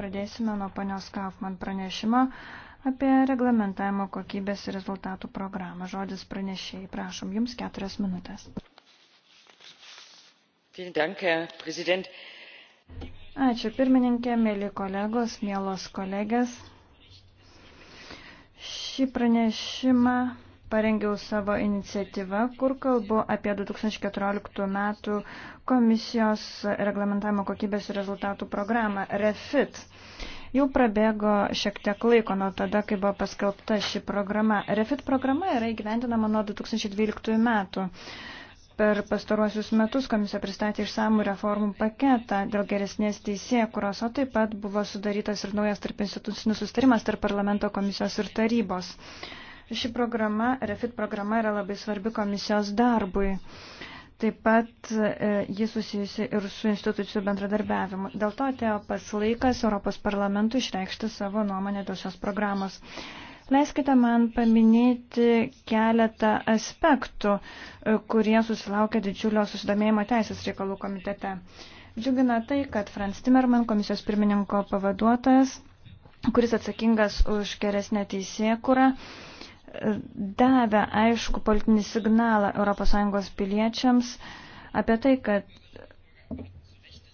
Pradėsime nuo panios Kaufman pranešimo apie reglamentavimo kokybės ir rezultatų programą. Žodis pranešėjai, prašom, jums keturias minutės. Ačiū pirmininkė, mėly kolegos, mėlos kolegės. Šį pranešimą parengiau savo iniciatyvą, kur kalbu apie 2014 metų komisijos reglamentavimo kokybės ir rezultatų programą REFIT. Jau prabėgo šiek tiek laiko nuo tada, kai buvo paskelbta ši programa. REFIT programa yra įgyvendinama nuo 2012 metų. Per pastaruosius metus komisija pristatė išsamų reformų paketą dėl geresnės teisėkuros, o taip pat buvo sudarytas ir naujas tarp institucinis sustarimas tarp parlamento komisijos ir tarybos. Ši programa, REFIT programa yra labai svarbi komisijos darbui. Taip pat e, jis susijusi ir su institucijų bendradarbiavimu. Dėl to atėjo pas laikas Europos parlamentui išreikšti savo nuomonę dėl šios programos. Leiskite man paminėti keletą aspektų, e, kurie susilaukia didžiulio susidomėjimo teisės reikalų komitete. Džiugina tai, kad Franz Timmerman, komisijos pirmininko pavaduotojas, kuris atsakingas už geresnę teisėkurą, kurą davę aišku politinį signalą ES piliečiams apie tai, kad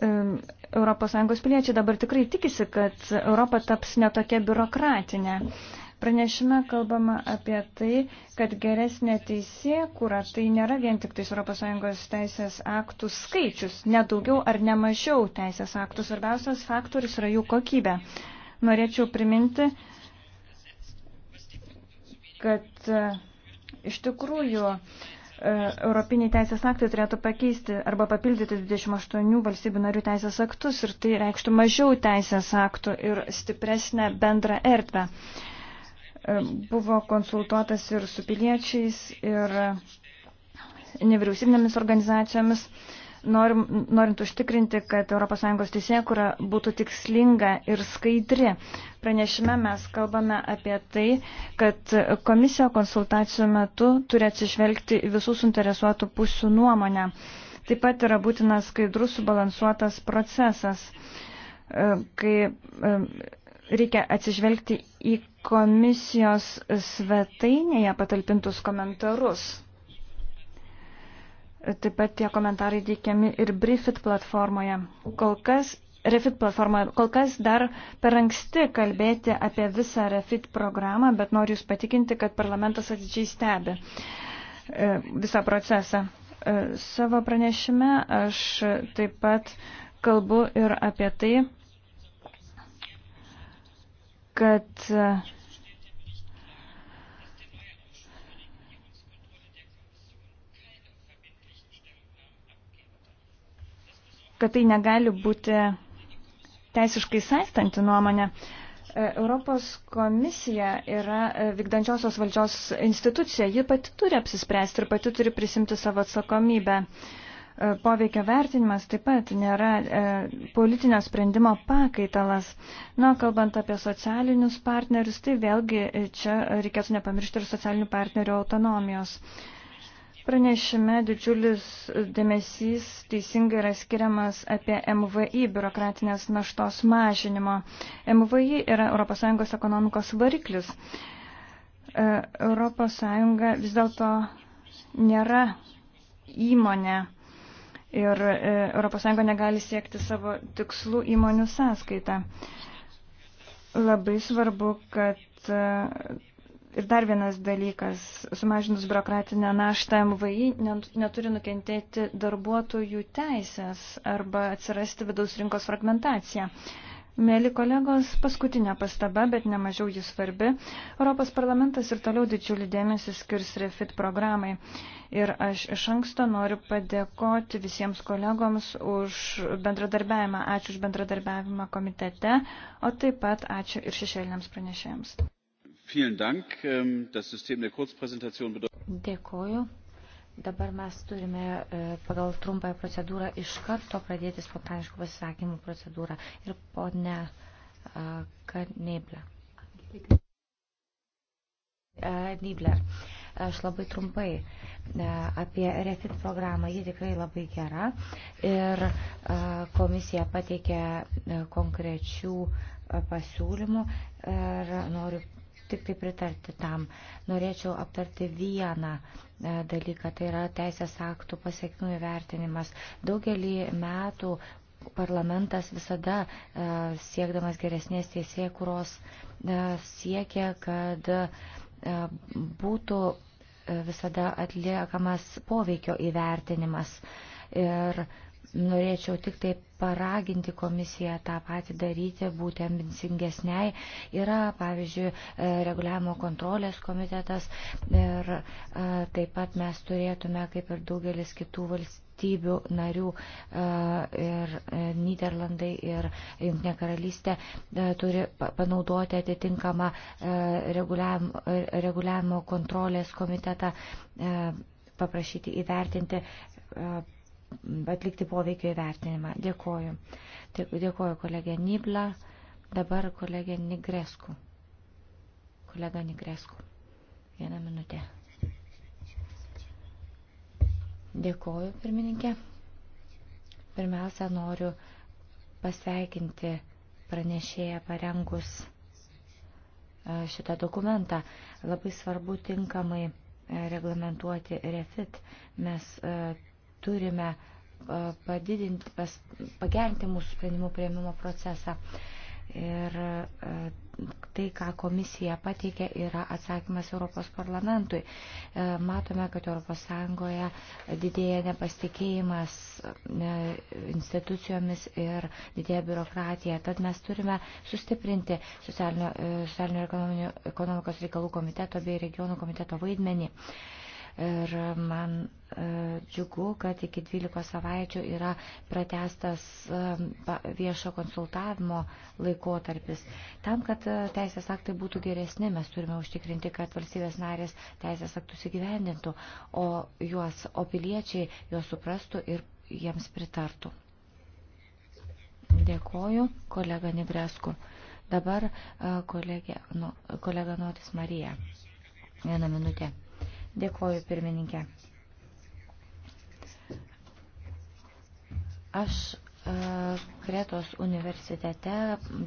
ES piliečiai dabar tikrai tikisi, kad Europa taps netokia biurokratinė. Pranešime kalbama apie tai, kad geresnė teisė, kura tai nėra vien tik tais ES teisės aktų skaičius, nedaugiau ar nemažiau teisės aktų. Svarbiausias faktorius yra jų kokybė. Norėčiau priminti, kad e, iš tikrųjų e, Europiniai teisės aktai turėtų pakeisti arba papildyti 28 valstybių narių teisės aktus ir tai reikštų mažiau teisės aktų ir stipresnę bendrą erdvę. E, buvo konsultuotas ir su piliečiais, ir nevyriausybinėmis organizacijomis norim, norint užtikrinti, kad ES teisėkura būtų tikslinga ir skaidri. Pranešime mes kalbame apie tai, kad komisija konsultacijų metu turi atsižvelgti visų suinteresuotų pusių nuomonę. Taip pat yra būtinas skaidrus subalansuotas procesas, e, kai e, reikia atsižvelgti į komisijos svetainėje patalpintus komentarus. Taip pat tie komentarai teikiami ir Brifit platformoje. Kol kas, Refit platformoje, kol kas dar per anksti kalbėti apie visą Refit programą, bet noriu Jūs patikinti, kad parlamentas atidžiai stebi e, visą procesą. E, savo pranešime aš taip pat kalbu ir apie tai, kad e, kad tai negali būti teisiškai saistanti nuomonė. E, Europos komisija yra e, vykdančiosios valdžios institucija, ji pati turi apsispręsti ir pati turi prisimti savo atsakomybę. E, Poveikio vertinimas taip pat nėra e, politinio sprendimo pakaitalas. Na, kalbant apie socialinius partnerius, tai vėlgi čia reikėtų nepamiršti ir socialinių partnerių autonomijos. E, Pranešime didžiulis dėmesys teisingai yra skiriamas apie MVI biurokratinės naštos mažinimo. MVI yra ES ekonomikos variklis. ES vis dėlto nėra įmonė ir ES negali siekti savo tikslų įmonių sąskaitą. Labai svarbu, kad e, Ir dar vienas dalykas, sumažinus biurokratinę naštą MVI neturi nukentėti darbuotojų teisės arba atsirasti vidaus rinkos fragmentacija. Mėly kolegos, paskutinė pastaba, bet nemažiau jis svarbi. Europos parlamentas ir toliau didžiulį dėmesį skirs refit programai. Ir aš iš anksto noriu padėkoti visiems kolegoms už bendradarbiavimą. Ačiū už bendradarbiavimą komitete, o taip pat ačiū ir šešėliniams pranešėjams. Ähm, Dėkoju. Dabar mes turime e, pagal trumpąją procedūrą iš karto pradėti spontaniškų pasisakymų procedūrą. Ir ponė e, Karneblė. E, Nibler. Aš labai trumpai apie Refit programą. Ji tikrai labai gera ir komisija pateikė konkrečių pasiūlymų ir noriu tik tai pritarti tam. Norėčiau aptarti vieną e, dalyką, tai yra teisės aktų pasiekmių įvertinimas. Daugelį metų parlamentas visada e, siekdamas geresnės teisėjų, kurios e, siekia, kad būtų visada atliekamas poveikio įvertinimas. Ir Norėčiau tik tai paraginti komisiją tą patį daryti, būti ambicingesniai. Yra, pavyzdžiui, e, reguliavimo kontrolės komitetas ir e, taip pat mes turėtume, kaip ir daugelis kitų valstybių narių e, ir Niderlandai ir Junktinė karalystė turi panaudoti atitinkamą reguliavimo kontrolės komitetą paprašyti įvertinti atlikti poveikio įvertinimą. Dėkoju. Dėkoju kolegė Nibla, dabar kolegė Nigresku. Kolega Nigresku. Vieną minutę. Dėkoju, pirmininkė. Pirmiausia, noriu pasveikinti pranešėją parengus e, šitą dokumentą. Labai svarbu tinkamai e, reglamentuoti refit. Mes e, turime padidinti, pas, pagerinti mūsų sprendimų prieimimo procesą. Ir tai, ką komisija pateikė, yra atsakymas Europos parlamentui. Matome, kad ES didėja nepasitikėjimas institucijomis ir didėja biurokratija. Tad mes turime sustiprinti socialinio e, ir ekonomikos reikalų komiteto bei regionų komiteto vaidmenį. Ir man e, džiugu, kad iki 12 savaičių yra pratestas e, viešo konsultavimo laikotarpis. Tam, kad e, teisės aktai būtų geresni, mes turime užtikrinti, kad valstybės narės teisės aktus įgyvendintų, o, juos, o piliečiai juos suprastų ir jiems pritartų. Dėkoju, kolega Nigresku. Dabar kolegė, nu, kolega Notis Marija. Vieną minutę. Dėkoju, pirmininkė. Aš e, Kretos universitete,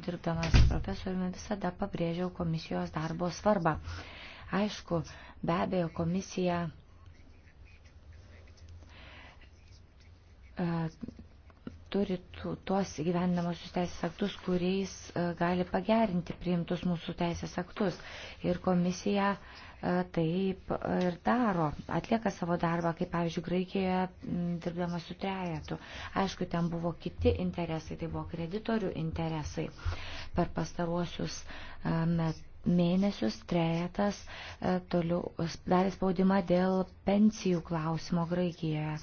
dirbdamas profesoriumi, visada pabrėžiau komisijos darbo svarbą. Aišku, be abejo, komisija e, turi tuos gyvendamosius teisės aktus, kuriais e, gali pagerinti priimtus mūsų teisės aktus. Ir komisija e, taip e, ir daro, atlieka savo darbą, kaip pavyzdžiui, Graikijoje dirbdama su trejetu. Aišku, ten buvo kiti interesai, tai buvo kreditorių interesai per pastaruosius metus mėnesius trejetas e, toliau e, darė spaudimą dėl pensijų klausimo Graikijoje.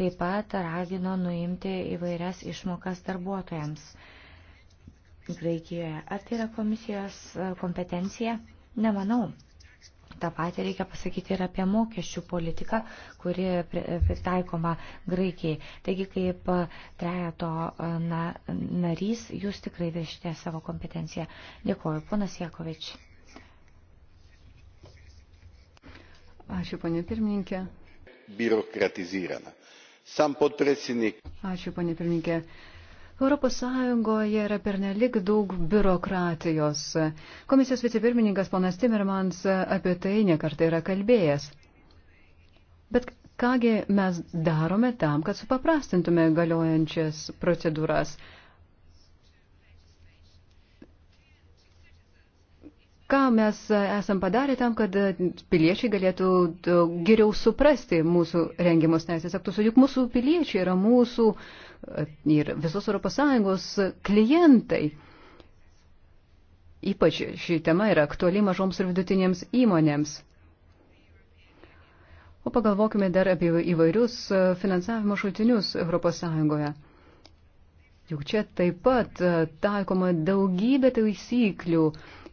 Taip pat ragino nuimti įvairias išmokas darbuotojams Graikijoje. Ar tai yra komisijos e, kompetencija? Nemanau. Ta patį reikia pasakyti ir apie mokesčių politiką, kuri pritaikoma Graikijai. Taigi, kaip e, trejato e, na, narys, jūs tikrai viršite savo kompetenciją. Dėkuoju, ponas Jekovič. Ačiū, ponė pirmininkė. Birokratizirana. Sam podpredsjednik. Ačiū, ponė pirmininkė Europos Sąjungoje yra pernelik daug biurokratijos. Komisijos vicepirmininkas ponas Timmermans apie tai nekartą yra kalbėjęs. Bet kągi mes darome tam, kad supaprastintume galiojančias procedūras? Ką mes esam padarę tam, kad piliečiai galėtų geriau suprasti mūsų rengimus teisės aktus, juk mūsų piliečiai yra mūsų uh, ir visos ES klientai. Ypač ši tema yra aktuali mažoms ir vidutinėms įmonėms. O pagalvokime dar apie įvairius e, finansavimo šaltinius ES. Juk čia taip pat e, taikoma daugybė taisyklių,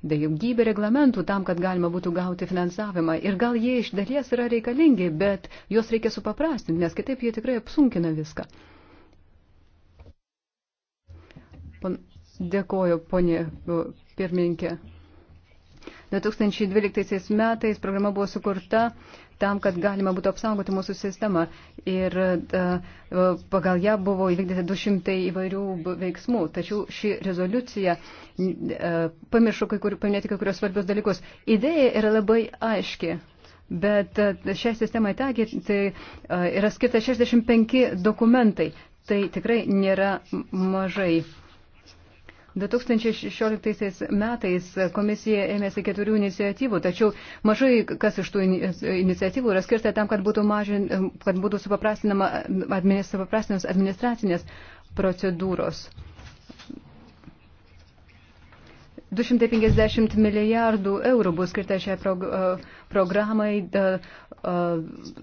daugybė reglamentų tam, kad galima būtų gauti finansavimą. Ir gal jie iš dalies yra reikalingi, bet juos reikia supaprastinti, nes kitaip jie tikrai apsunkina viską. Pan... Dėkoju, ponė pirmininkė. 2012 metais programa buvo sukurta tam, kad galima būtų apsaugoti mūsų sistemą. Ir e, pagal ją buvo įvykdyti 200 įvairių veiksmų. Tačiau ši rezoliucija e, pamiršo kai kur, paminėti kai kurios svarbios dalykus. Idėja yra labai aiški. Bet e, šią sistemą įtakyti tai yra skirta 65 dokumentai. Tai tikrai nėra mažai. 2016 metais komisija ėmėsi keturių iniciatyvų, tačiau mažai kas iš tų iniciatyvų yra skirta tam, kad būtų, mažin, kad būtų supaprastinamas administracinės procedūros. 250 milijardų eurų bus skirta šiai prog programai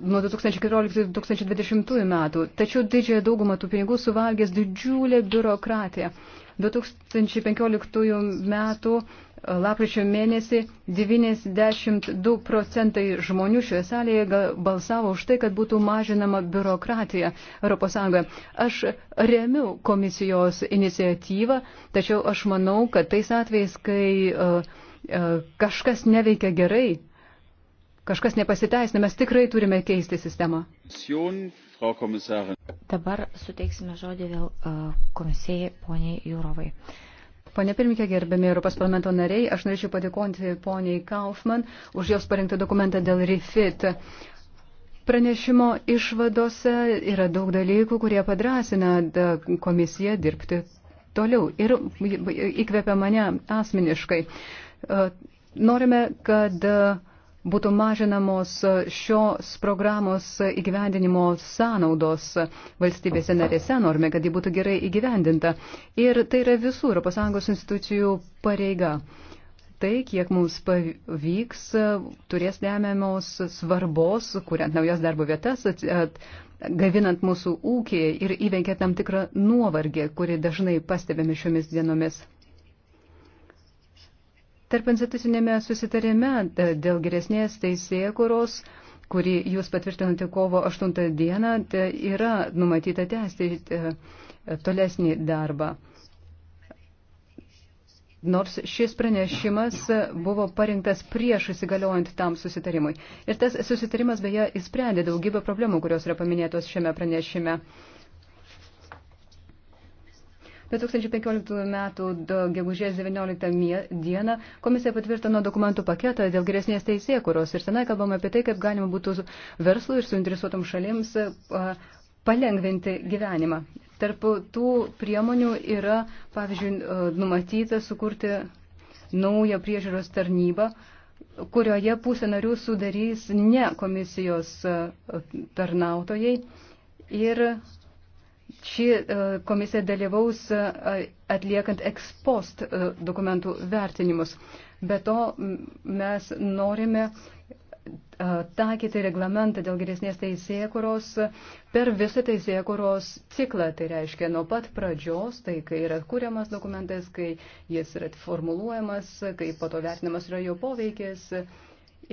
nuo 2014-2020 metų. Tačiau didžiąją daugumą tų pinigų suvalgės didžiulė biurokratija. Uh, 2015 metų e, lapkričio mėnesį 92 procentai žmonių šioje salėje balsavo už tai, kad būtų mažinama biurokratija ES. Aš remiu komisijos iniciatyvą, tačiau aš manau, kad tais atvejais, kai uh, uh, kažkas neveikia gerai, kažkas nepasiteisina, mes tikrai turime keisti sistemą. Dabar suteiksime žodį vėl e, komisijai poniai Jūrovai. Pone pirmininkė, gerbėmi Europos parlamento nariai, aš norėčiau padėkoti poniai Kaufman už jos parengtą dokumentą dėl refit. Pranešimo išvadose yra daug dalykų, kurie padrasina komisiją dirbti toliau ir įkvepia mane asmeniškai. E, norime, kad būtų mažinamos šios programos įgyvendinimo sąnaudos valstybėse narėse, norime, kad ji būtų gerai įgyvendinta. Ir tai yra visų ES institucijų pareiga. Tai, kiek mums pavyks, turės lemiamos svarbos, kuriant naujas darbo vietas, at, at, gavinant mūsų ūkį ir įveikiant tam tikrą nuovargį, kurį dažnai pastebėme šiomis dienomis. Tarp institucinėme susitarime e, dėl geresnės teisėkuros kuri jūs patvirtinote kovo 8 dieną, tai yra numatyta tęsti e, tolesnį darbą. Nors šis pranešimas buvo parinktas prieš įsigaliojant tam susitarimui. Ir tas susitarimas beje įsprendė daugybę problemų, kurios yra paminėtos šiame pranešime. 2015 m. gegužės 19 d. komisija patvirtino dokumentų paketą dėl geresnės teisėkuros ir tenai kalbama apie tai, kaip galima būtų verslui ir suinteresuotam šalims palengventi gyvenimą. Tarp tų priemonių yra, pavyzdžiui, numatyta sukurti naują priežiūros tarnybą, kurioje pusė narių sudarys ne komisijos tarnautojai ir Ši e, komisija dalyvaus e, atliekant ekspost e, dokumentų vertinimus. Be to mes norime taikyti reglamentą dėl geresnės teisėkuros per visą teisėkuros ciklą. Tai reiškia nuo pat pradžios, tai kai yra kūriamas dokumentas, kai jis yra formuluojamas, kai po to vertinamas yra jo poveikis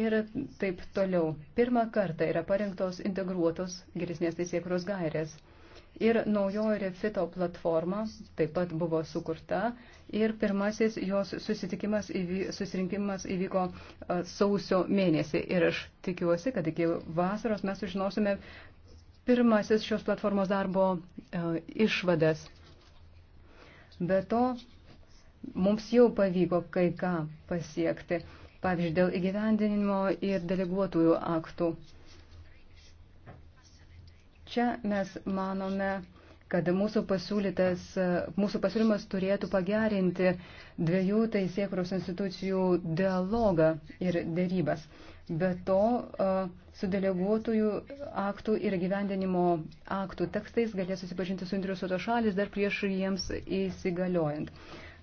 ir taip toliau. Pirmą kartą yra parengtos integruotos geresnės teisėkuros gairės. Ir naujoji Refito platforma taip pat buvo sukurta ir pirmasis jos susitikimas įvy, susirinkimas įvyko uh, sausio mėnesį. Ir aš tikiuosi, kad iki vasaros mes sužinosime pirmasis šios platformos darbo uh, išvadas. Be to, mums jau pavyko kai ką pasiekti, pavyzdžiui, dėl įgyvendinimo ir deleguotųjų aktų. Uh, Čia mes manome, kad mūsų, mūsų pasiūlymas turėtų pagerinti dviejų teisėkuros institucijų dialogą ir dėrybas. Be to, su deleguotojų aktų ir gyvendinimo aktų tekstais galės susipažinti suinteresuotos šalis dar prieš jiems įsigaliojant.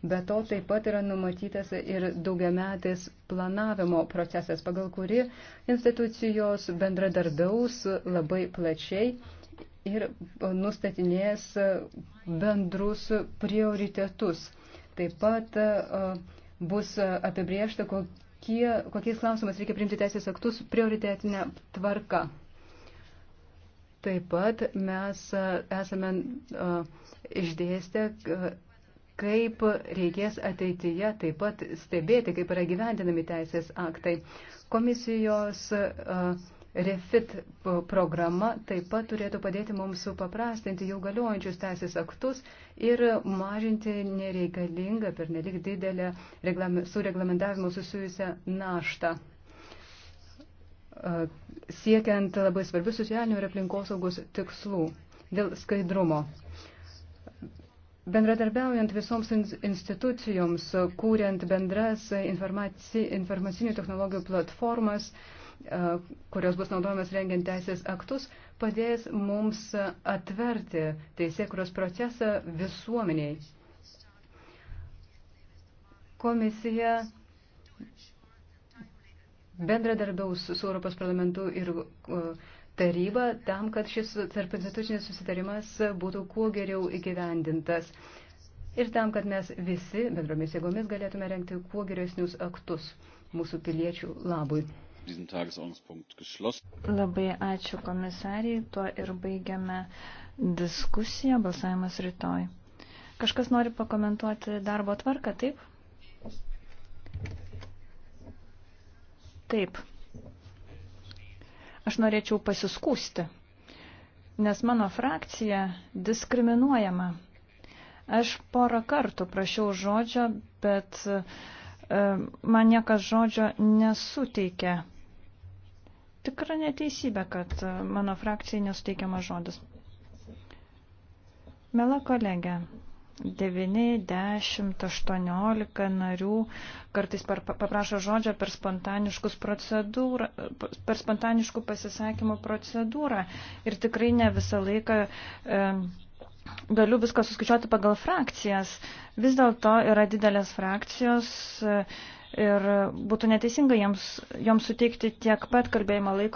Be to taip pat yra numatytas ir daugiametis planavimo procesas, pagal kuri institucijos bendradarbiaus labai plačiai ir nustatinės bendrus prioritetus. Taip pat bus apibriešta, kokie, kokiais klausimais reikia priimti teisės aktus prioritetinę tvarką. Taip pat mes esame išdėstę, kaip reikės ateityje taip pat stebėti, kaip yra gyvendinami teisės aktai. Komisijos uh, Refit programa taip pat turėtų padėti mums supaprastinti jau galiojančius teisės aktus ir mažinti nereikalingą per nelik didelę su reglamentavimu susijusią naštą, siekiant labai svarbių socialinių ir aplinkosaugos tikslų dėl skaidrumo. Bendradarbiaujant visoms institucijoms, kūriant bendras informaci, informacinių technologijų platformas, uh, E, kurios bus naudojamas rengiant teisės aktus, padės mums atverti teisėkuros procesą visuomeniai. Komisija bendradarbiaus su Europos parlamentu ir e, taryba tam, kad šis tarp institucinis susitarimas būtų kuo geriau įgyvendintas ir tam, kad mes visi bendromis jėgomis galėtume renkti kuo geresnius aktus mūsų piliečių labui. Labai ačiū komisariai, tuo ir baigiame diskusiją, balsavimas rytoj. Kažkas nori pakomentuoti darbo tvarką, taip? Taip. Aš norėčiau pasiskūsti, nes mano frakcija diskriminuojama. Aš porą kartų prašiau žodžio, bet uh, E, man niekas žodžio nesuteikė. Tikra neteisybė, kad e, mano frakcijai nesuteikiamas žodis. Mela kolegė, 9, 10, 18 narių kartais per, paprašo žodžio per, per spontaniškų pasisakymų procedūrą ir tikrai ne visą laiką e, galiu viską suskaičiuoti pagal frakcijas. Vis dėlto yra didelės frakcijos e, ir būtų neteisinga jiems, joms suteikti tiek pat kalbėjimo laiko,